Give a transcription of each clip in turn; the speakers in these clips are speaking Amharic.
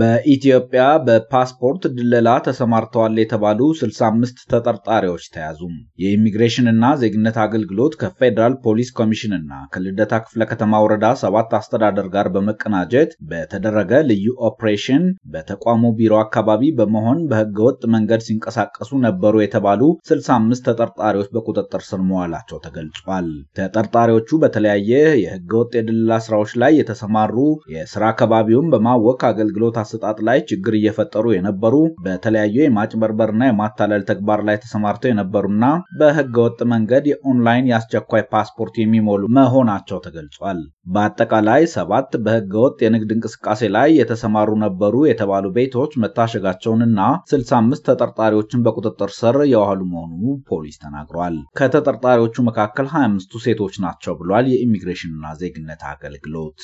በኢትዮጵያ በፓስፖርት ድለላ ተሰማርተዋል የተባሉ 65 ተጠርጣሪዎች ተያዙ። የኢሚግሬሽንና ዜግነት አገልግሎት ከፌዴራል ፖሊስ ኮሚሽንና ከልደታ ክፍለ ከተማ ወረዳ ሰባት አስተዳደር ጋር በመቀናጀት በተደረገ ልዩ ኦፕሬሽን በተቋሙ ቢሮ አካባቢ በመሆን በህገወጥ መንገድ ሲንቀሳቀሱ ነበሩ የተባሉ 65 ተጠርጣሪዎች በቁጥጥር ስር መዋላቸው ተገልጿል። ተጠርጣሪዎቹ በተለያየ የህገወጥ የድለላ ስራዎች ላይ የተሰማሩ የስራ አካባቢውን በማወክ አገልግሎት አሰጣጥ ላይ ችግር እየፈጠሩ የነበሩ በተለያዩ የማጭበርበርና የማታለል ተግባር ላይ ተሰማርተው የነበሩና በህገወጥ መንገድ የኦንላይን የአስቸኳይ ፓስፖርት የሚሞሉ መሆናቸው ተገልጿል። በአጠቃላይ ሰባት በህገወጥ የንግድ እንቅስቃሴ ላይ የተሰማሩ ነበሩ የተባሉ ቤቶች መታሸጋቸውንና 65 ተጠርጣሪዎችን በቁጥጥር ስር የዋሉ መሆኑ ፖሊስ ተናግሯል። ከተጠርጣሪዎቹ መካከል 25ቱ ሴቶች ናቸው ብሏል የኢሚግሬሽንና ዜግነት አገልግሎት።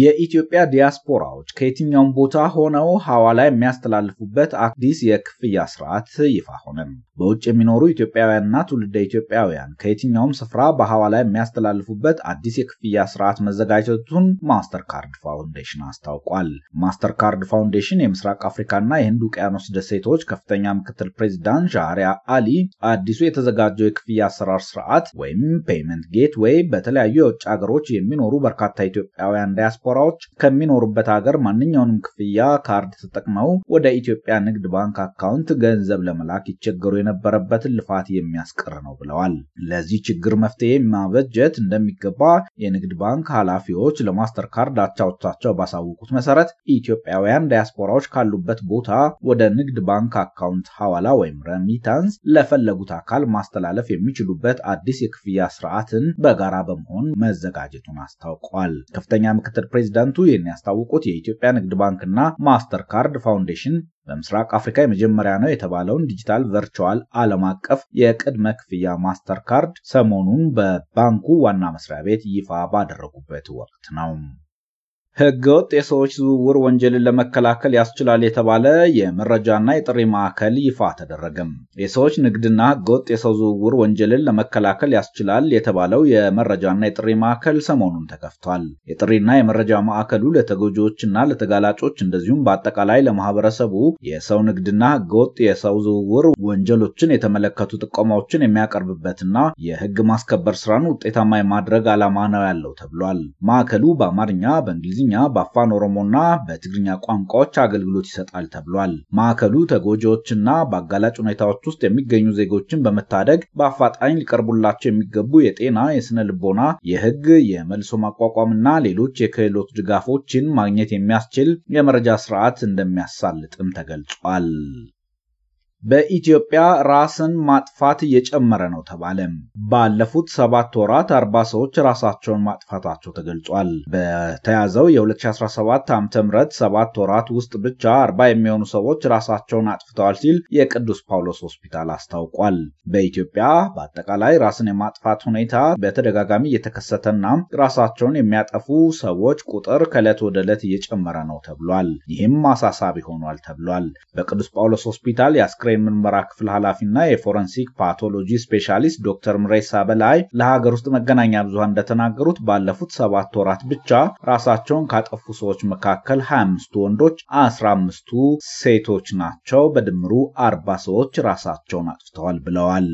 የኢትዮጵያ ዲያስፖራዎች ከየትኛውም ቦታ ሆነው ሐዋላ የሚያስተላልፉበት አዲስ የክፍያ ስርዓት ይፋ ሆነ። በውጭ የሚኖሩ ኢትዮጵያውያንና ትውልደ ኢትዮጵያውያን ከየትኛውም ስፍራ በሐዋላ የሚያስተላልፉበት አዲስ የክፍያ ስርዓት መዘጋጀቱን ማስተር ካርድ ፋውንዴሽን አስታውቋል። ማስተር ካርድ ፋውንዴሽን የምስራቅ አፍሪካና የህንድ ውቅያኖስ ደሴቶች ከፍተኛ ምክትል ፕሬዚዳንት ሻሪያ አሊ አዲሱ የተዘጋጀው የክፍያ አሰራር ስርዓት ወይም ፔይመንት ጌት በተለያዩ የውጭ ሀገሮች የሚኖሩ በርካታ ኢትዮጵያውያን ዲያስፖራዎች ከሚኖሩበት ሀገር ማንኛውንም ክፍያ ካርድ ተጠቅመው ወደ ኢትዮጵያ ንግድ ባንክ አካውንት ገንዘብ ለመላክ ይቸገሩ የነበረበትን ልፋት የሚያስቀር ነው ብለዋል። ለዚህ ችግር መፍትሄ ማበጀት እንደሚገባ የንግድ ባንክ ኃላፊዎች ለማስተር ካርድ አቻዎቻቸው ባሳወቁት መሰረት ኢትዮጵያውያን ዲያስፖራዎች ካሉበት ቦታ ወደ ንግድ ባንክ አካውንት ሐዋላ ወይም ረሚታንስ ለፈለጉት አካል ማስተላለፍ የሚችሉበት አዲስ የክፍያ ስርዓትን በጋራ በመሆን መዘጋጀቱን አስታውቋል። ከፍተኛ ምክትል ምክትል ፕሬዚዳንቱ ይህን የኢትዮጵያ ንግድ ባንክና ማስተር ካርድ ፋውንዴሽን በምስራቅ አፍሪካ የመጀመሪያ ነው የተባለውን ዲጂታል ቨርቹዋል ዓለም አቀፍ የቅድመ ክፍያ ማስተር ካርድ ሰሞኑን በባንኩ ዋና መስሪያ ቤት ይፋ ባደረጉበት ወቅት ነው። ህገወጥ የሰዎች ዝውውር ወንጀልን ለመከላከል ያስችላል የተባለ የመረጃና የጥሪ ማዕከል ይፋ ተደረገም። የሰዎች ንግድና ህገወጥ የሰው ዝውውር ወንጀልን ለመከላከል ያስችላል የተባለው የመረጃና የጥሪ ማዕከል ሰሞኑን ተከፍቷል። የጥሪና የመረጃ ማዕከሉ ለተጎጂዎችና ለተጋላጮች እንደዚሁም በአጠቃላይ ለማህበረሰቡ የሰው ንግድና ህገወጥ የሰው ዝውውር ወንጀሎችን የተመለከቱ ጥቆማዎችን የሚያቀርብበትና የህግ ማስከበር ስራን ውጤታማ የማድረግ ዓላማ ነው ያለው ተብሏል። ማዕከሉ በአማርኛ በእንግሊዝ በእንግሊዝኛ በአፋን ኦሮሞና በትግርኛ ቋንቋዎች አገልግሎት ይሰጣል ተብሏል። ማዕከሉ ተጎጂዎችና በአጋላጭ ሁኔታዎች ውስጥ የሚገኙ ዜጎችን በመታደግ በአፋጣኝ ሊቀርቡላቸው የሚገቡ የጤና፣ የስነ ልቦና፣ የህግ፣ የመልሶ ማቋቋምና ሌሎች የክህሎት ድጋፎችን ማግኘት የሚያስችል የመረጃ ስርዓት እንደሚያሳልጥም ተገልጿል። በኢትዮጵያ ራስን ማጥፋት እየጨመረ ነው ተባለ። ባለፉት ሰባት ወራት አርባ ሰዎች ራሳቸውን ማጥፋታቸው ተገልጿል። በተያዘው የ2017 ዓ ም ሰባት ወራት ውስጥ ብቻ አርባ የሚሆኑ ሰዎች ራሳቸውን አጥፍተዋል ሲል የቅዱስ ጳውሎስ ሆስፒታል አስታውቋል። በኢትዮጵያ በአጠቃላይ ራስን የማጥፋት ሁኔታ በተደጋጋሚ እየተከሰተና ራሳቸውን የሚያጠፉ ሰዎች ቁጥር ከዕለት ወደ ዕለት እየጨመረ ነው ተብሏል። ይህም አሳሳቢ ሆኗል ተብሏል። በቅዱስ ጳውሎስ ሆስፒታል ያስክሬ የአስክሬን ምርመራ ክፍል ኃላፊና የፎረንሲክ ፓቶሎጂ ስፔሻሊስት ዶክተር ምሬሳ በላይ ለሀገር ውስጥ መገናኛ ብዙሃን እንደተናገሩት ባለፉት ሰባት ወራት ብቻ ራሳቸውን ካጠፉ ሰዎች መካከል 25ቱ ወንዶች፣ 15ቱ ሴቶች ናቸው። በድምሩ 40 ሰዎች ራሳቸውን አጥፍተዋል ብለዋል።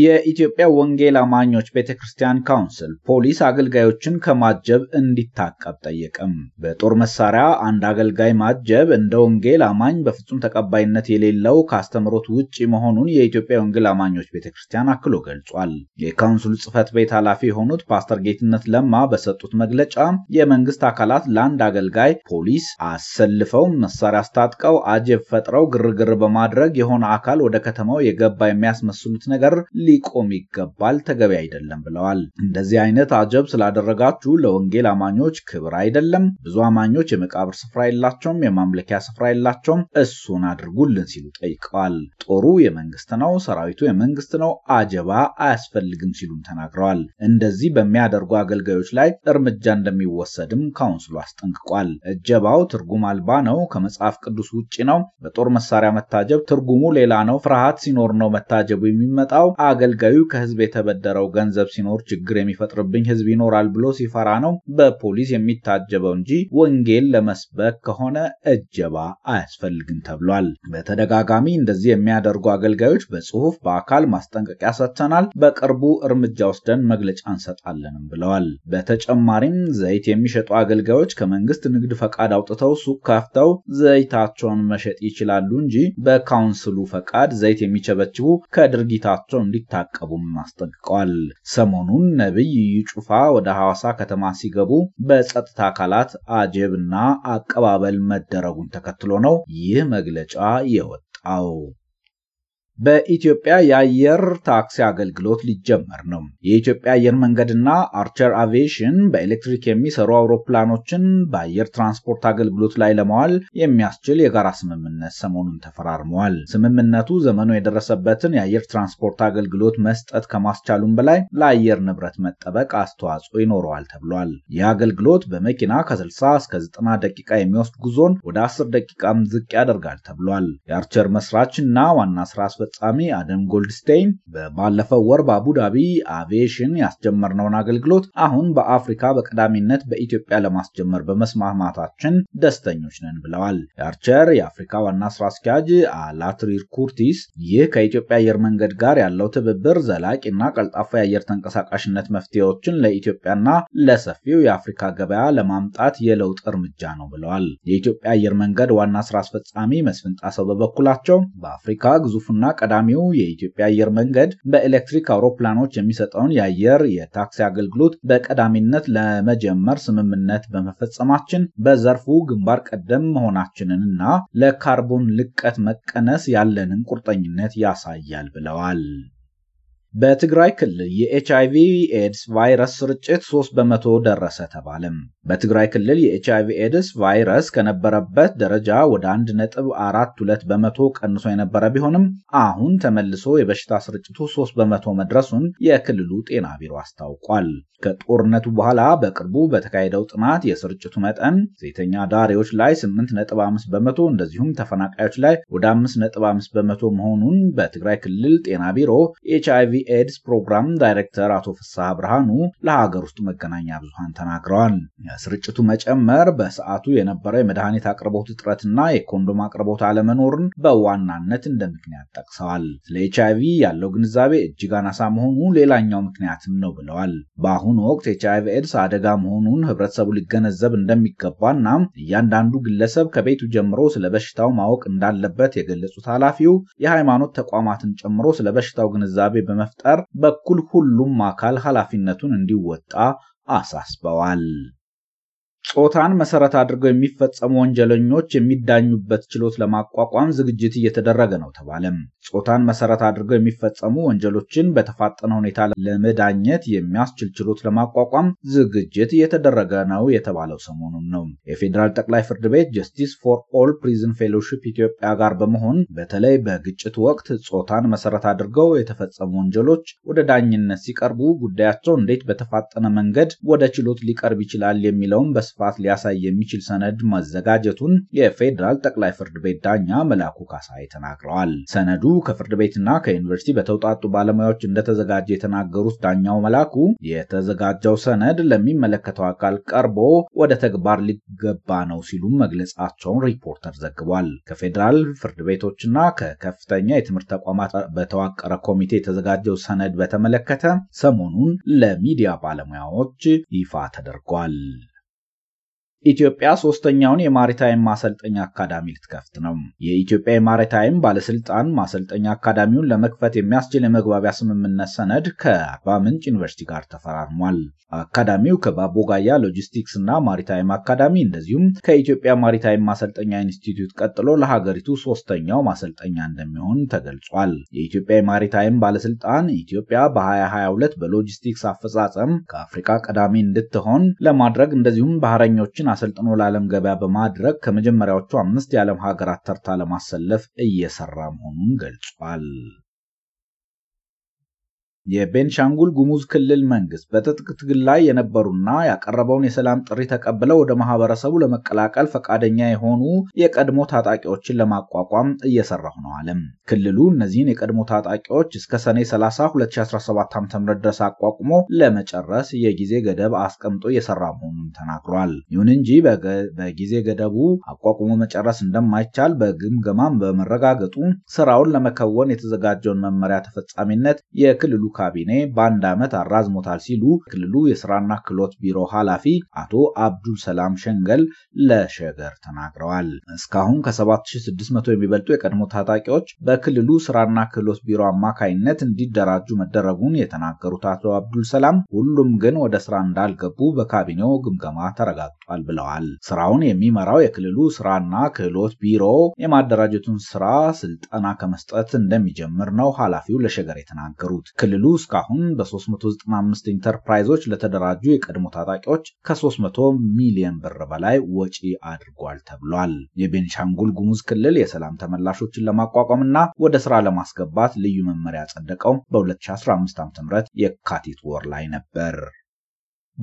የኢትዮጵያ ወንጌል አማኞች ቤተ ክርስቲያን ካውንስል ፖሊስ አገልጋዮችን ከማጀብ እንዲታቀብ ጠየቅም። በጦር መሳሪያ አንድ አገልጋይ ማጀብ እንደ ወንጌል አማኝ በፍጹም ተቀባይነት የሌለው ከአስተምሮት ውጭ መሆኑን የኢትዮጵያ ወንጌል አማኞች ቤተ ክርስቲያን አክሎ ገልጿል። የካውንስሉ ጽሕፈት ቤት ኃላፊ የሆኑት ፓስተር ጌትነት ለማ በሰጡት መግለጫ የመንግስት አካላት ለአንድ አገልጋይ ፖሊስ አሰልፈው መሳሪያ አስታጥቀው አጀብ ፈጥረው ግርግር በማድረግ የሆነ አካል ወደ ከተማው የገባ የሚያስመስሉት ነገር ሊቆም ይገባል፣ ተገቢ አይደለም ብለዋል። እንደዚህ አይነት አጀብ ስላደረጋችሁ ለወንጌል አማኞች ክብር አይደለም። ብዙ አማኞች የመቃብር ስፍራ የላቸውም፣ የማምለኪያ ስፍራ የላቸውም። እሱን አድርጉልን ሲሉ ጠይቀዋል። ጦሩ የመንግስት ነው፣ ሰራዊቱ የመንግስት ነው፣ አጀባ አያስፈልግም ሲሉም ተናግረዋል። እንደዚህ በሚያደርጉ አገልጋዮች ላይ እርምጃ እንደሚወሰድም ካውንስሉ አስጠንቅቋል። እጀባው ትርጉም አልባ ነው፣ ከመጽሐፍ ቅዱስ ውጭ ነው። በጦር መሳሪያ መታጀብ ትርጉሙ ሌላ ነው። ፍርሃት ሲኖር ነው መታጀቡ የሚመጣው። አገልጋዩ ከህዝብ የተበደረው ገንዘብ ሲኖር ችግር የሚፈጥርብኝ ህዝብ ይኖራል ብሎ ሲፈራ ነው በፖሊስ የሚታጀበው እንጂ ወንጌል ለመስበክ ከሆነ እጀባ አያስፈልግም ተብሏል። በተደጋጋሚ እንደዚህ የሚያደርጉ አገልጋዮች በጽሁፍ በአካል ማስጠንቀቂያ ሰጥተናል፣ በቅርቡ እርምጃ ወስደን መግለጫ እንሰጣለንም ብለዋል። በተጨማሪም ዘይት የሚሸጡ አገልጋዮች ከመንግስት ንግድ ፈቃድ አውጥተው ሱቅ ከፍተው ዘይታቸውን መሸጥ ይችላሉ እንጂ በካውንስሉ ፈቃድ ዘይት የሚቸበችቡ ከድርጊታቸው እንዲታቀቡም አስጠንቅቀዋል። ሰሞኑን ነቢይ ጩፋ ወደ ሐዋሳ ከተማ ሲገቡ በጸጥታ አካላት አጀብና አቀባበል መደረጉን ተከትሎ ነው ይህ መግለጫ የወጣው። በኢትዮጵያ የአየር ታክሲ አገልግሎት ሊጀመር ነው። የኢትዮጵያ አየር መንገድና አርቸር አቪዬሽን በኤሌክትሪክ የሚሰሩ አውሮፕላኖችን በአየር ትራንስፖርት አገልግሎት ላይ ለማዋል የሚያስችል የጋራ ስምምነት ሰሞኑን ተፈራርመዋል። ስምምነቱ ዘመኑ የደረሰበትን የአየር ትራንስፖርት አገልግሎት መስጠት ከማስቻሉም በላይ ለአየር ንብረት መጠበቅ አስተዋጽኦ ይኖረዋል ተብሏል። ይህ አገልግሎት በመኪና ከ60 እስከ 90 ደቂቃ የሚወስድ ጉዞን ወደ 10 ደቂቃም ዝቅ ያደርጋል ተብሏል። የአርቸር መስራች እና ዋና ስራ አስፈጻሚ አደም ጎልድስቴይን ባለፈው ወር በአቡዳቢ አቪዬሽን ያስጀመርነውን አገልግሎት አሁን በአፍሪካ በቀዳሚነት በኢትዮጵያ ለማስጀመር በመስማማታችን ደስተኞች ነን ብለዋል። የአርቸር የአፍሪካ ዋና ስራ አስኪያጅ አላትሪር ኩርቲስ ይህ ከኢትዮጵያ አየር መንገድ ጋር ያለው ትብብር ዘላቂና ቀልጣፋ የአየር ተንቀሳቃሽነት መፍትሄዎችን ለኢትዮጵያና ለሰፊው የአፍሪካ ገበያ ለማምጣት የለውጥ እርምጃ ነው ብለዋል። የኢትዮጵያ አየር መንገድ ዋና ስራ አስፈጻሚ መስፍን ጣሰው በበኩላቸው በአፍሪካ ግዙፍና ቀዳሚው የኢትዮጵያ አየር መንገድ በኤሌክትሪክ አውሮፕላኖች የሚሰጠውን የአየር የታክሲ አገልግሎት በቀዳሚነት ለመጀመር ስምምነት በመፈጸማችን በዘርፉ ግንባር ቀደም መሆናችንን እና ለካርቦን ልቀት መቀነስ ያለንን ቁርጠኝነት ያሳያል ብለዋል። በትግራይ ክልል የኤችአይቪ ኤድስ ቫይረስ ስርጭት 3 በመቶ ደረሰ ተባለም። በትግራይ ክልል የኤችአይቪ ኤድስ ቫይረስ ከነበረበት ደረጃ ወደ 1.42 በመቶ ቀንሶ የነበረ ቢሆንም አሁን ተመልሶ የበሽታ ስርጭቱ 3 በመቶ መድረሱን የክልሉ ጤና ቢሮ አስታውቋል። ከጦርነቱ በኋላ በቅርቡ በተካሄደው ጥናት የስርጭቱ መጠን ሴተኛ ዳሪዎች ላይ 8.5 በመቶ እንደዚሁም ተፈናቃዮች ላይ ወደ 5.5 በመቶ መሆኑን በትግራይ ክልል ጤና ቢሮ የኤችአይቪ ኤድስ ፕሮግራም ዳይሬክተር አቶ ፍስሐ ብርሃኑ ለሀገር ውስጥ መገናኛ ብዙሃን ተናግረዋል። ስርጭቱ መጨመር በሰዓቱ የነበረ የመድኃኒት አቅርቦት እጥረትና የኮንዶም አቅርቦት አለመኖርን በዋናነት እንደ ምክንያት ጠቅሰዋል። ስለ ኤች ቪ ያለው ግንዛቤ እጅግ አናሳ መሆኑ ሌላኛው ምክንያትም ነው ብለዋል። በአሁኑ ወቅት ኤች አይቪ ኤድስ አደጋ መሆኑን ህብረተሰቡ ሊገነዘብ እንደሚገባ እናም እያንዳንዱ ግለሰብ ከቤቱ ጀምሮ ስለ በሽታው ማወቅ እንዳለበት የገለጹት ኃላፊው የሃይማኖት ተቋማትን ጨምሮ ስለ በሽታው ግንዛቤ በመፍጠር በኩል ሁሉም አካል ኃላፊነቱን እንዲወጣ አሳስበዋል። ጾታን መሰረት አድርገው የሚፈጸሙ ወንጀለኞች የሚዳኙበት ችሎት ለማቋቋም ዝግጅት እየተደረገ ነው ተባለም። ጾታን መሰረት አድርገው የሚፈጸሙ ወንጀሎችን በተፋጠነ ሁኔታ ለመዳኘት የሚያስችል ችሎት ለማቋቋም ዝግጅት እየተደረገ ነው የተባለው ሰሞኑን ነው። የፌዴራል ጠቅላይ ፍርድ ቤት ጀስቲስ ፎር ኦል ፕሪዝን ፌሎሺፕ ኢትዮጵያ ጋር በመሆን በተለይ በግጭት ወቅት ጾታን መሰረት አድርገው የተፈጸሙ ወንጀሎች ወደ ዳኝነት ሲቀርቡ ጉዳያቸው እንዴት በተፋጠነ መንገድ ወደ ችሎት ሊቀርብ ይችላል የሚለውም በስ በስፋት ሊያሳይ የሚችል ሰነድ መዘጋጀቱን የፌዴራል ጠቅላይ ፍርድ ቤት ዳኛ መላኩ ካሳይ ተናግረዋል። ሰነዱ ከፍርድ ቤትና ከዩኒቨርሲቲ በተውጣጡ ባለሙያዎች እንደተዘጋጀ የተናገሩት ዳኛው መላኩ የተዘጋጀው ሰነድ ለሚመለከተው አካል ቀርቦ ወደ ተግባር ሊገባ ነው ሲሉም መግለጻቸውን ሪፖርተር ዘግቧል። ከፌዴራል ፍርድ ቤቶችና ከከፍተኛ የትምህርት ተቋማት በተዋቀረ ኮሚቴ የተዘጋጀው ሰነድ በተመለከተ ሰሞኑን ለሚዲያ ባለሙያዎች ይፋ ተደርጓል። ኢትዮጵያ ሶስተኛውን የማሪታይም ማሰልጠኛ አካዳሚ ልትከፍት ነው። የኢትዮጵያ የማሪታይም ባለስልጣን ማሰልጠኛ አካዳሚውን ለመክፈት የሚያስችል የመግባቢያ ስምምነት ሰነድ ከአርባ ምንጭ ዩኒቨርሲቲ ጋር ተፈራርሟል። አካዳሚው ከባቦጋያ ሎጂስቲክስ እና ማሪታይም አካዳሚ እንደዚሁም ከኢትዮጵያ ማሪታይም ማሰልጠኛ ኢንስቲትዩት ቀጥሎ ለሀገሪቱ ሶስተኛው ማሰልጠኛ እንደሚሆን ተገልጿል። የኢትዮጵያ የማሪታይም ባለስልጣን ኢትዮጵያ በ2022 በሎጂስቲክስ አፈጻጸም ከአፍሪካ ቀዳሚ እንድትሆን ለማድረግ እንደዚሁም ባህረኞችን አሰልጥኖ ለዓለም ገበያ በማድረግ ከመጀመሪያዎቹ አምስት የዓለም ሀገራት ተርታ ለማሰለፍ እየሰራ መሆኑን ገልጿል። የቤንሻንጉል ጉሙዝ ክልል መንግስት በትጥቅ ትግል ላይ የነበሩና ያቀረበውን የሰላም ጥሪ ተቀብለው ወደ ማህበረሰቡ ለመቀላቀል ፈቃደኛ የሆኑ የቀድሞ ታጣቂዎችን ለማቋቋም እየሰራሁ ነው አለም። ክልሉ እነዚህን የቀድሞ ታጣቂዎች እስከ ሰኔ 30 2017 ዓ.ም ድረስ አቋቁሞ ለመጨረስ የጊዜ ገደብ አስቀምጦ እየሰራ መሆኑን ተናግሯል። ይሁን እንጂ በጊዜ ገደቡ አቋቁሞ መጨረስ እንደማይቻል በግምገማም በመረጋገጡ ስራውን ለመከወን የተዘጋጀውን መመሪያ ተፈጻሚነት የክልሉ ካቢኔ በአንድ ዓመት አራዝሞታል ሲሉ የክልሉ የስራና ክህሎት ቢሮ ኃላፊ አቶ አብዱል ሰላም ሸንገል ለሸገር ተናግረዋል። እስካሁን ከ7600 የሚበልጡ የቀድሞ ታጣቂዎች በክልሉ ስራና ክህሎት ቢሮ አማካይነት እንዲደራጁ መደረጉን የተናገሩት አቶ አብዱል ሰላም ሁሉም ግን ወደ ስራ እንዳልገቡ በካቢኔው ግምገማ ተረጋግጧል ብለዋል። ስራውን የሚመራው የክልሉ ስራና ክህሎት ቢሮ የማደራጀቱን ስራ ስልጠና ከመስጠት እንደሚጀምር ነው ኃላፊው ለሸገር የተናገሩት። ክልሉ ክልሉ እስካሁን በ395 ኢንተርፕራይዞች ለተደራጁ የቀድሞ ታጣቂዎች ከ300 ሚሊዮን ብር በላይ ወጪ አድርጓል ተብሏል። የቤንሻንጉል ጉሙዝ ክልል የሰላም ተመላሾችን ለማቋቋምና ወደ ስራ ለማስገባት ልዩ መመሪያ ጸደቀው በ2015 ዓ.ም የካቲት ወር ላይ ነበር።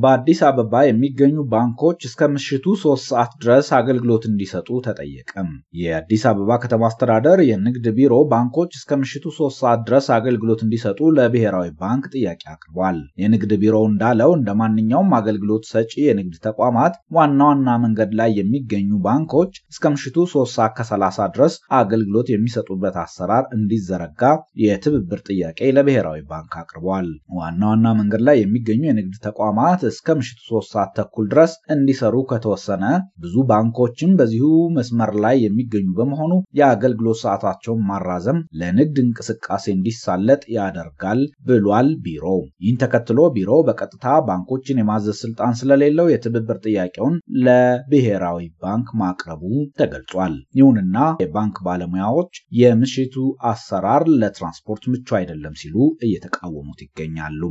በአዲስ አበባ የሚገኙ ባንኮች እስከ ምሽቱ ሶስት ሰዓት ድረስ አገልግሎት እንዲሰጡ ተጠየቀም። የአዲስ አበባ ከተማ አስተዳደር የንግድ ቢሮ ባንኮች እስከ ምሽቱ ሶስት ሰዓት ድረስ አገልግሎት እንዲሰጡ ለብሔራዊ ባንክ ጥያቄ አቅርቧል። የንግድ ቢሮው እንዳለው እንደ ማንኛውም አገልግሎት ሰጪ የንግድ ተቋማት ዋና ዋና መንገድ ላይ የሚገኙ ባንኮች እስከ ምሽቱ ሶስት ሰዓት ከሰላሳ ድረስ አገልግሎት የሚሰጡበት አሰራር እንዲዘረጋ የትብብር ጥያቄ ለብሔራዊ ባንክ አቅርቧል። ዋና ዋና መንገድ ላይ የሚገኙ የንግድ ተቋማት ቀናት እስከ ምሽቱ ሶስት ሰዓት ተኩል ድረስ እንዲሰሩ ከተወሰነ ብዙ ባንኮችም በዚሁ መስመር ላይ የሚገኙ በመሆኑ የአገልግሎት ሰዓታቸውን ማራዘም ለንግድ እንቅስቃሴ እንዲሳለጥ ያደርጋል ብሏል ቢሮው። ይህን ተከትሎ ቢሮው በቀጥታ ባንኮችን የማዘዝ ስልጣን ስለሌለው የትብብር ጥያቄውን ለብሔራዊ ባንክ ማቅረቡ ተገልጿል። ይሁንና የባንክ ባለሙያዎች የምሽቱ አሰራር ለትራንስፖርት ምቹ አይደለም ሲሉ እየተቃወሙት ይገኛሉ።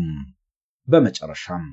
በመጨረሻም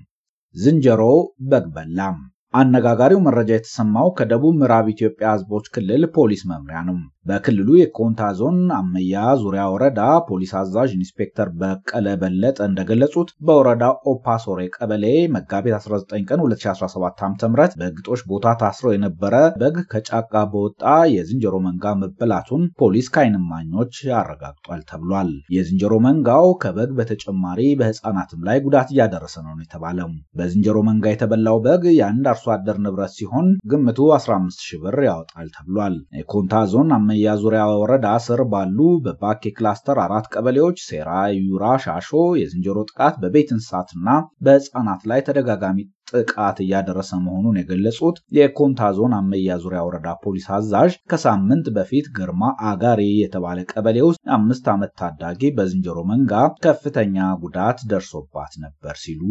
ዝንጀሮ በግ በላም። አነጋጋሪው መረጃ የተሰማው ከደቡብ ምዕራብ ኢትዮጵያ ሕዝቦች ክልል ፖሊስ መምሪያ ነው። በክልሉ የኮንታ ዞን አመያ ዙሪያ ወረዳ ፖሊስ አዛዥ ኢንስፔክተር በቀለ በለጠ እንደገለጹት በወረዳ ኦፓሶሬ ቀበሌ መጋቢት 19 ቀን 2017 ዓ.ም በግጦሽ ቦታ ታስሮ የነበረ በግ ከጫካ በወጣ የዝንጀሮ መንጋ መበላቱን ፖሊስ ከአይንማኞች አረጋግጧል ተብሏል። የዝንጀሮ መንጋው ከበግ በተጨማሪ በህፃናትም ላይ ጉዳት እያደረሰ ነው የተባለው በዝንጀሮ መንጋ የተበላው በግ የአንድ አርሶ የአርሶ አደር ንብረት ሲሆን ግምቱ 15 ብር ያወጣል ተብሏል። የኮንታ ዞን አመያ ዙሪያ ወረዳ ስር ባሉ በባኬ ክላስተር አራት ቀበሌዎች ሴራ፣ ዩራ፣ ሻሾ የዝንጀሮ ጥቃት በቤት እንስሳትና በህፃናት ላይ ተደጋጋሚ ጥቃት እያደረሰ መሆኑን የገለጹት የኮንታ ዞን አመያ ዙሪያ ወረዳ ፖሊስ አዛዥ ከሳምንት በፊት ግርማ አጋሪ የተባለ ቀበሌ ውስጥ አምስት ዓመት ታዳጊ በዝንጀሮ መንጋ ከፍተኛ ጉዳት ደርሶባት ነበር ሲሉ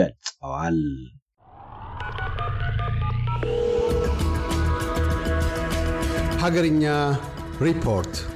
ገልጸዋል። Hagarinya Report